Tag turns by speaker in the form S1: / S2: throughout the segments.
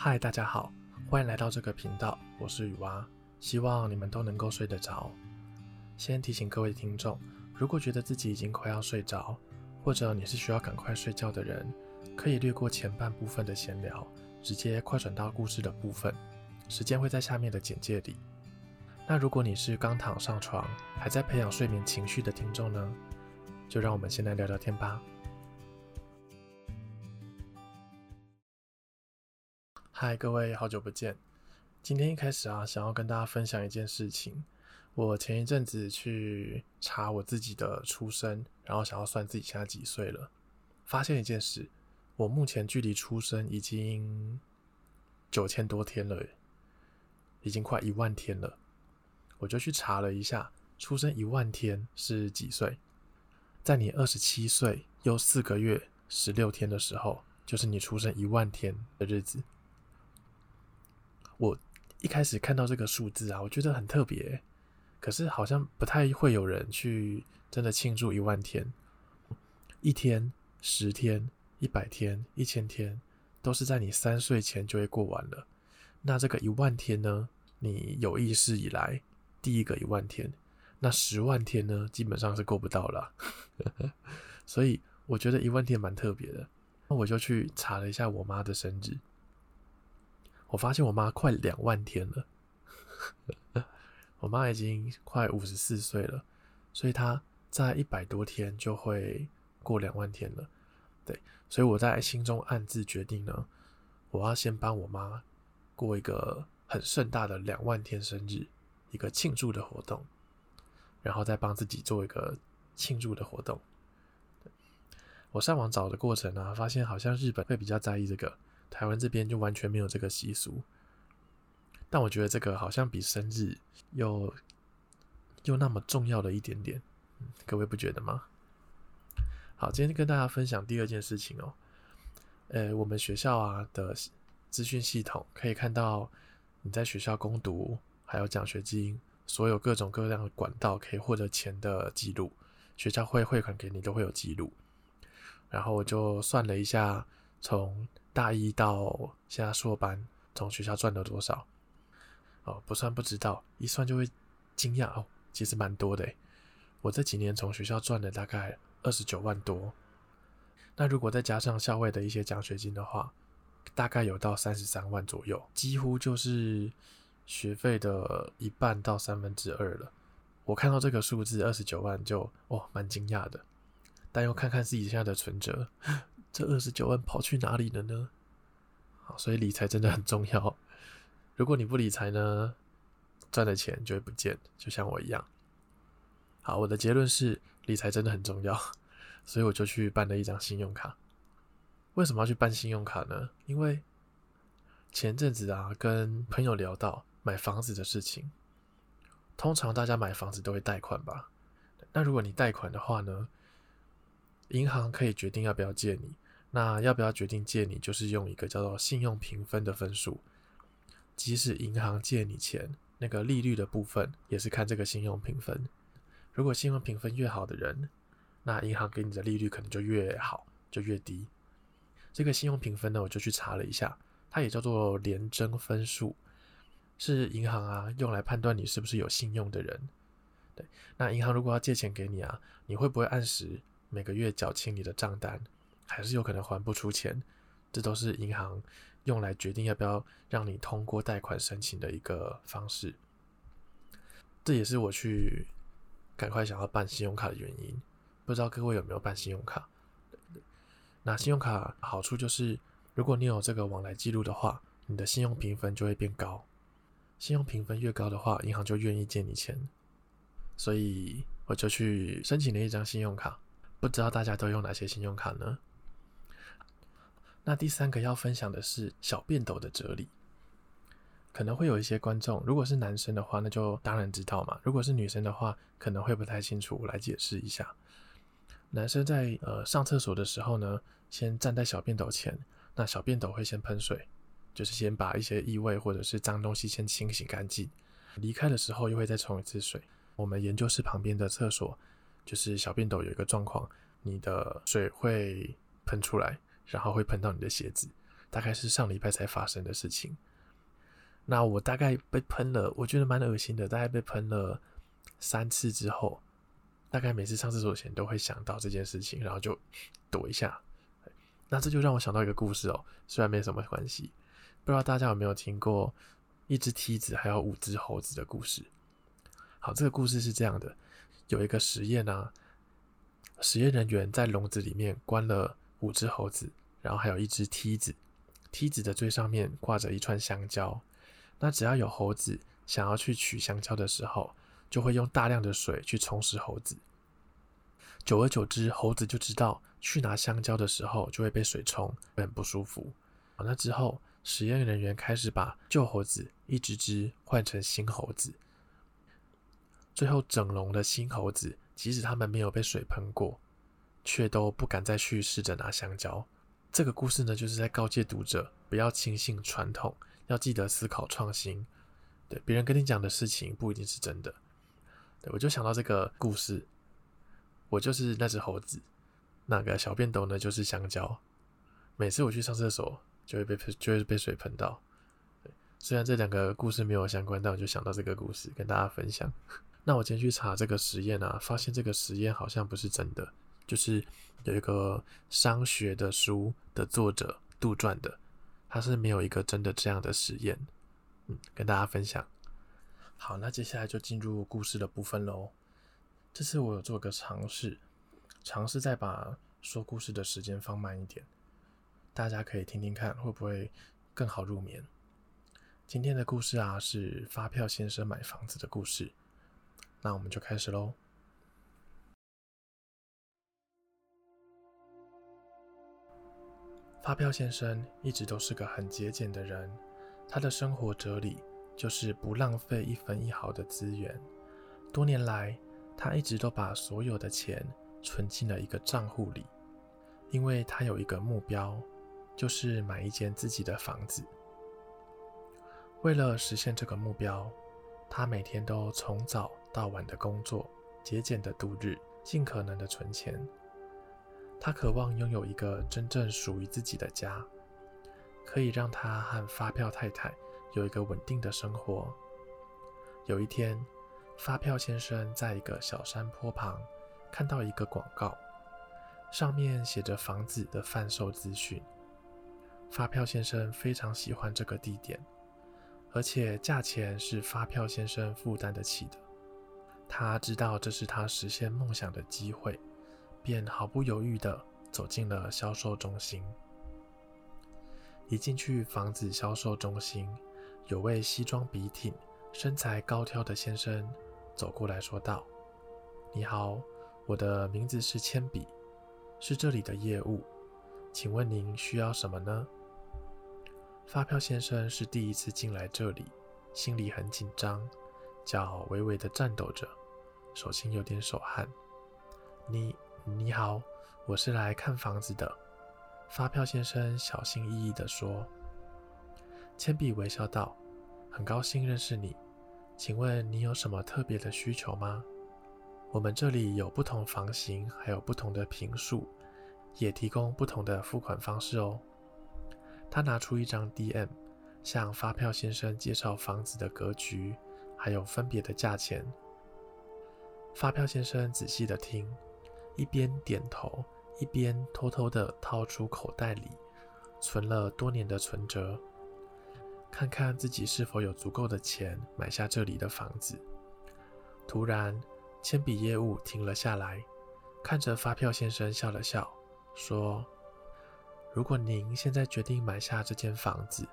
S1: 嗨，Hi, 大家好，歡迎來到這個頻道，我是雨蛙，希望你們都能夠睡得着。先提醒各位聽眾，如果覺得自己已經快要睡着，或者你是需要趕快睡覺的人，可以略過前半部分的閒聊，直接快轉到故事的部分，時間會在下面的簡介裡。那如果你是剛躺上床，還在培養睡眠情緒的聽眾呢？就讓我們先來聊聊天吧。嗨，Hi, 各位，好久不見。今天一開始啊，想要跟大家分享一件事情。我前一陣子去查我自己的出生，然後想要算自己現在幾歲了，發現一件事：我目前距離出生已經九千多天了欸，已經快一萬天了。我就去查了一下，出生一萬天是幾歲？在你二十七歲又四個月十六天的時候，就是你出生一萬天的日子。我一開始看到這個數字啊，我覺得很特別，可是好像不太會有人去真的慶祝一萬天。一天、十天、一百天、一千天，都是在你三歲前就會過完了。那這個一萬天呢，你有意識以來第一個一萬天，那十萬天呢，基本上是過不到啦。 所以我覺得一萬天蠻特別的，那我就去查了一下我媽的生日。我發現我媽快兩萬天了， 我媽已經快五十四歲了，所以她在一百多天就會過兩萬天了。對，所以我在心中暗自決定呢，我要先幫我媽過一個很盛大的兩萬天生日，一個慶祝的活動，然後再幫自己做一個慶祝的活動。我上網找的過程呢、啊，發現好像日本會比較在意這個。台灣這邊就完全沒有這個習俗，但我覺得這個好像比生日又又那麼重要的一點點、嗯，各位不覺得嗎？好，今天跟大家分享第二件事情哦、喔。呃、欸，我們學校啊的資訊系統可以看到你在學校攻讀還有獎學金，所有各種各樣的管道可以獲得錢的記錄，學校會匯款給你都會有記錄。然後我就算了一下從。大一到現在碩班，從學校賺了多少？哦，不算不知道，一算就會驚訝哦。其實蠻多的，我這幾年從學校賺了大概二十九萬多。那如果再加上校外的一些獎學金的話，大概有到三十三萬左右，幾乎就是學費的一半到三分之二了。我看到這個數字二十九萬就，就哦蠻驚訝的，但又看看自己現在的存折，這二十九萬跑去哪裡了呢？好，所以理財真的很重要。如果你不理財呢，賺的錢就會不見，就像我一樣。好，我的結論是理財真的很重要，所以我就去辦了一張信用卡。為什麼要去辦信用卡呢？因為前陣子啊，跟朋友聊到買房子的事情，通常大家買房子都會貸款吧？那如果你貸款的話呢，銀行可以決定要不要借你。那要不要決定借你，就是用一個叫做信用評分的分數。即使銀行借你錢，那個利率的部分也是看這個信用評分。如果信用評分越好的人，那銀行給你的利率可能就越好，就越低。這個信用評分呢，我就去查了一下，它也叫做聯徵分數，是銀行啊用來判斷你是不是有信用的人。對，那銀行如果要借錢給你啊，你會不會按時每個月繳清你的賬單？還是有可能還不出錢，這都是銀行用來決定要不要讓你通過貸款申請的一個方式。這也是我去趕快想要辦信用卡的原因。不知道各位有沒有辦信用卡？那信用卡好處就是，如果你有這個往來記錄的話，你的信用評分就會變高。信用評分越高的話，銀行就願意借你錢。所以我就去申請了一張信用卡。不知道大家都用哪些信用卡呢？那第三個要分享的是小便斗的哲理，可能會有一些觀眾，如果是男生的話，那就當然知道嘛；如果是女生的話，可能會不太清楚，我來解釋一下。男生在呃上廁所的時候呢，先站在小便斗前，那小便斗會先噴水，就是先把一些異味或者是髒東西先清洗乾淨。離開的時候又會再沖一次水。我們研究室旁邊的廁所，就是小便斗有一個狀況，你的水會噴出來。然後會噴到你的鞋子，大概是上禮拜才發生的事情。那我大概被噴了，我覺得蠻噁心的。大概被噴了三次之後，大概每次上廁所前都會想到這件事情，然後就躲一下。那這就讓我想到一個故事哦，雖然沒什麼關係，不知道大家有沒有聽過一隻梯子還有五隻猴子的故事？好，這個故事是這樣的：有一個實驗啊，實驗人員在籠子裡面關了五隻猴子，然後還有一隻梯子，梯子的最上面掛着一串香蕉。那只要有猴子想要去取香蕉的時候，就會用大量的水去沖濕猴子。久而久之，猴子就知道去拿香蕉的時候就會被水沖，很不舒服。那之後，實驗人員開始把舊猴子一隻隻換成新猴子，最後整籠的新猴子，即使牠們沒有被水噴過。卻都不敢再去試着拿香蕉。這個故事呢，就是在告誡讀者不要輕信傳統，要記得思考創新。對別人跟你講的事情，不一定是真的。對，我就想到這個故事，我就是那隻猴子，那個小便斗呢，就是香蕉。每次我去上廁所，就會被噴，就會被水噴到。雖然這兩個故事沒有相關，但我就想到這個故事跟大家分享。 那我今天去查這個實驗啊，發現這個實驗好像不是真的。就是有一個商學的書的作者杜撰的。他是沒有一個真的這樣的實驗，嗯，跟大家分享。好，那接下來就進入故事的部分嘍。這次我有做個嘗試，嘗試再把說故事的時間放慢一點，大家可以聽聽看會不會更好入眠。今天的故事啊，是發票先生買房子的故事，那我們就開始嘍。發票先生一直都是個很節儉的人，他的生活哲理就是不浪費一分一毫的資源。多年來，他一直都把所有的錢存進了一個賬戶裡，因為他有一個目標，就是買一間自己的房子。為了實現這個目標，他每天都從早到晚的工作，節儉的度日，盡可能的存錢。他渴望擁有一個真正屬於自己的家，可以讓他和發票太太有一個穩定的生活。有一天，發票先生在一個小山坡旁看到一個廣告，上面寫着房子的販售資訊。發票先生非常喜歡這個地點，而且價錢是發票先生負擔得起的。他知道這是他實現夢想的機會。便毫不猶豫地走進了銷售中心。一進去，房子銷售中心有位西裝筆挺、身材高挑的先生走過來說道：“你好，我的名字是鉛筆，是這裡的業務，請問您需要什麼呢？”發票先生是第一次進來這裡，心裡很緊張，腳微微地顫抖着，手心有點手汗。你。你好，我是來看房子的。發票先生小心翼翼地說。鉛筆微笑道：“很高興認識你，請問你有什麼特別的需求嗎？我們這裡有不同房型，還有不同的平數，也提供不同的付款方式哦。”他拿出一張 DM，向發票先生介紹房子的格局，還有分別的價錢。發票先生仔細地聽，一邊點頭，一邊偷偷地掏出口袋裡存了多年的存摺，看看自己是否有足夠的錢買下這裡的房子。突然，鉛筆業務停了下來，看着發票先生笑了笑，說：“如果您現在決定買下這間房子，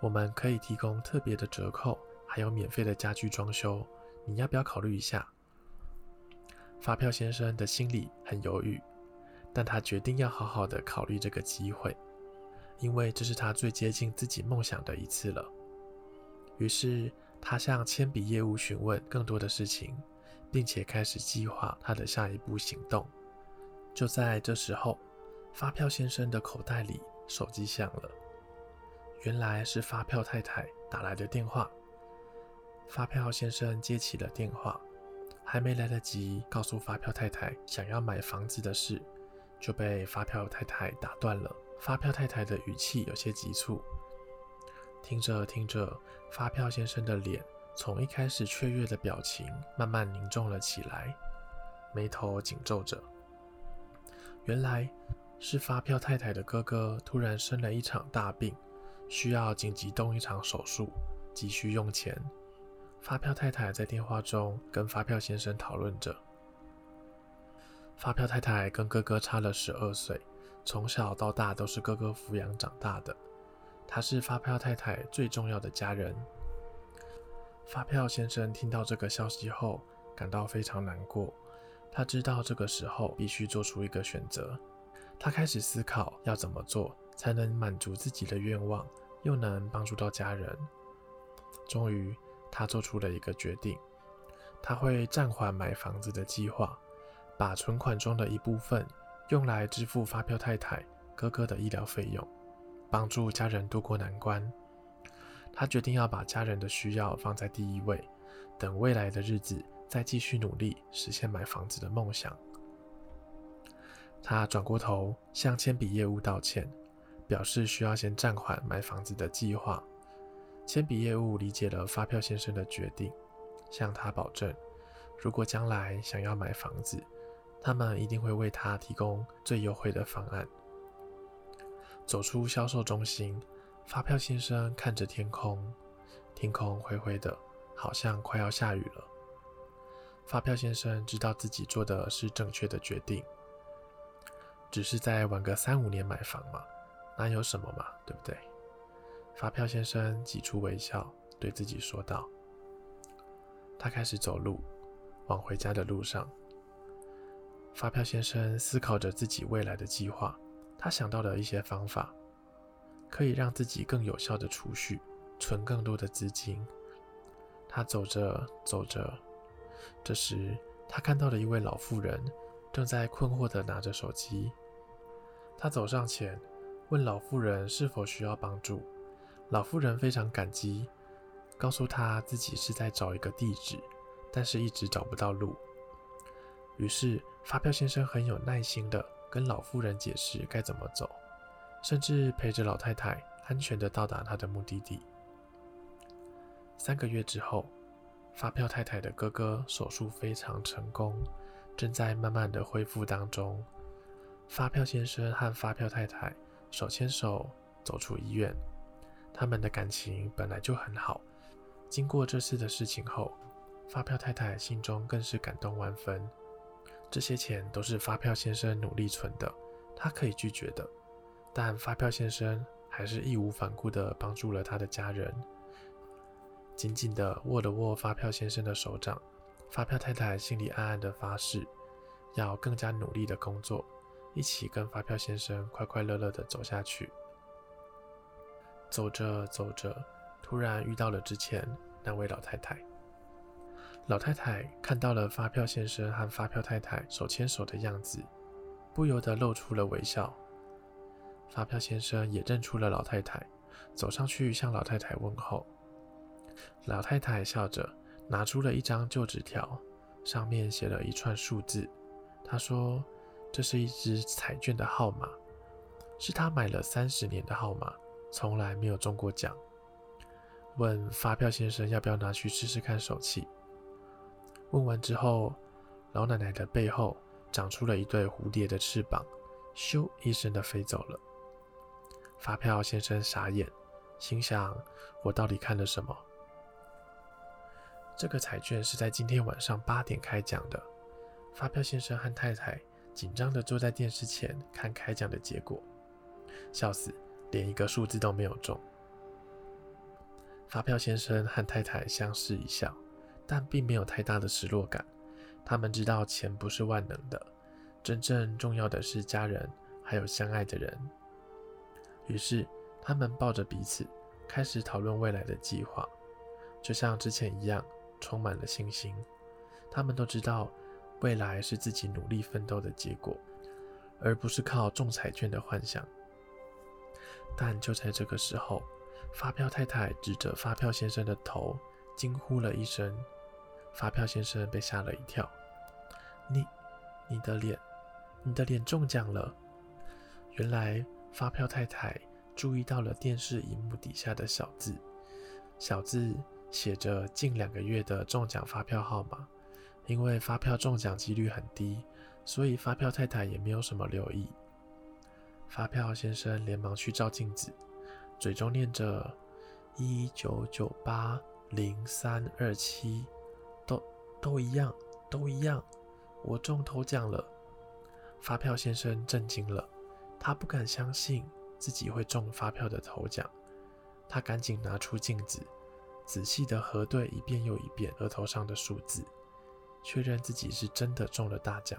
S1: 我們可以提供特別的折扣，還有免費的家具裝修。你要不要考慮一下？”發票先生的心裡很猶豫，但他決定要好好的考慮這個機會，因為這是他最接近自己夢想的一次了。於是，他向鉛筆業務詢問更多的事情，並且開始計劃他的下一步行動。就在這時候，發票先生的口袋裡手機響了，原來是發票太太打來的電話。發票先生接起了電話。還沒來得及告訴發票太太想要買房子的事，就被發票太太打斷了。發票太太的語氣有些急促。聽着聽着，發票先生的臉從一開始雀躍的表情慢慢凝重了起來，眉頭緊皺着。原來是發票太太的哥哥突然生了一場大病，需要緊急動一場手術，急需用錢。發票太太在電話中跟發票先生討論着。發票太太跟哥哥差了十二歲，從小到大都是哥哥撫養長大的，他是發票太太最重要的家人。發票先生聽到這個消息後，感到非常難過。他知道這個時候必須做出一個選擇，他開始思考要怎麼做才能滿足自己的願望，又能幫助到家人。終於。他做出了一個決定，他會暫緩買房子的計劃，把存款中的一部分用來支付發票太太、哥哥的醫療費用，幫助家人度過難關。他決定要把家人的需要放在第一位，等未來的日子再繼續努力實現買房子的夢想。他轉過頭向鉛筆業務道歉，表示需要先暫緩買房子的計劃。鉛筆業務理解了發票先生的決定，向他保證，如果將來想要買房子，他們一定會為他提供最優惠的方案。走出銷售中心，發票先生看着天空，天空灰灰的，好像快要下雨了。發票先生知道自己做的是正確的決定，只是再晚個三五年買房嘛，哪有什麼嘛，對不對？發票先生擠出微笑，對自己說道。他開始走路，往回家的路上。發票先生思考着自己未來的計劃，他想到了一些方法，可以讓自己更有效的儲蓄，存更多的資金。他走着走着，這時他看到了一位老婦人，正在困惑地拿着手機。他走上前，問老婦人是否需要幫助。老婦人非常感激，告訴她自己是在找一個地址，但是一直找不到路。於是，發票先生很有耐心的跟老婦人解釋該怎麼走，甚至陪着老太太安全的到達她的目的地。三個月之後，發票太太的哥哥手術非常成功，正在慢慢的恢復當中。發票先生和發票太太手牽手走出醫院。他們的感情本來就很好，經過這次的事情後，發票太太心中更是感動萬分。這些錢都是發票先生努力存的，他可以拒絕的，但發票先生還是義無反顧的幫助了他的家人。緊緊地握了握發票先生的手掌，發票太太心裡暗暗地發誓，要更加努力的工作，一起跟發票先生快快樂樂地走下去。走着走着，突然遇到了之前那位老太太。老太太看到了發票先生和發票太太手牽手的樣子，不由得露出了微笑。發票先生也認出了老太太，走上去向老太太問候。老太太笑着拿出了一張舊紙條，上面寫了一串數字。她說：“這是一支彩券的號碼，是她買了三十年的號碼。”從來沒有中過獎。問發票先生要不要拿去試試看手氣？問完之後，老奶奶的背後長出了一對蝴蝶的翅膀，咻一聲的飛走了。發票先生傻眼，心想：我到底看了什麼？這個彩券是在今天晚上八點開獎的。發票先生和太太緊張的坐在電視前看開獎的結果，笑死。連一個數字都沒有中，發票先生和太太相視一笑，但並沒有太大的失落感。他們知道錢不是萬能的，真正重要的是家人還有相愛的人。於是，他們抱着彼此，開始討論未來的計劃，就像之前一樣，充滿了信心。他們都知道，未來是自己努力奮鬥的結果，而不是靠中彩券的幻想。但就在這個時候，發票太太指着發票先生的頭，驚呼了一聲。發票先生被嚇了一跳：“你，你的臉，你的臉中獎了！”原來發票太太注意到了電視熒幕底下的小字，小字寫着近兩個月的中獎發票號碼。因為發票中獎幾率很低，所以發票太太也沒有什麼留意。發票先生連忙去照鏡子，嘴中念着“一九九八零三二七”，都都一樣，都一樣，我中頭獎了！發票先生震驚了，他不敢相信自己會中發票的頭獎。他趕緊拿出鏡子，仔細地核對一遍又一遍額頭上的數字，確認自己是真的中了大獎。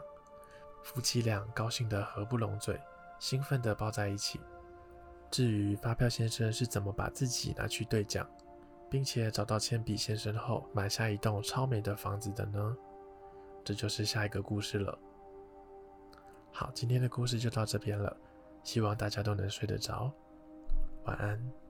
S1: 夫妻倆高興得合不攏嘴。興奮地抱在一起。至於發票先生是怎麼把自己拿去兌獎，並且找到鉛筆先生後買下一棟超美的房子的呢？這就是下一個故事了。好，今天的故事就到這邊了，希望大家都能睡得着，晚安。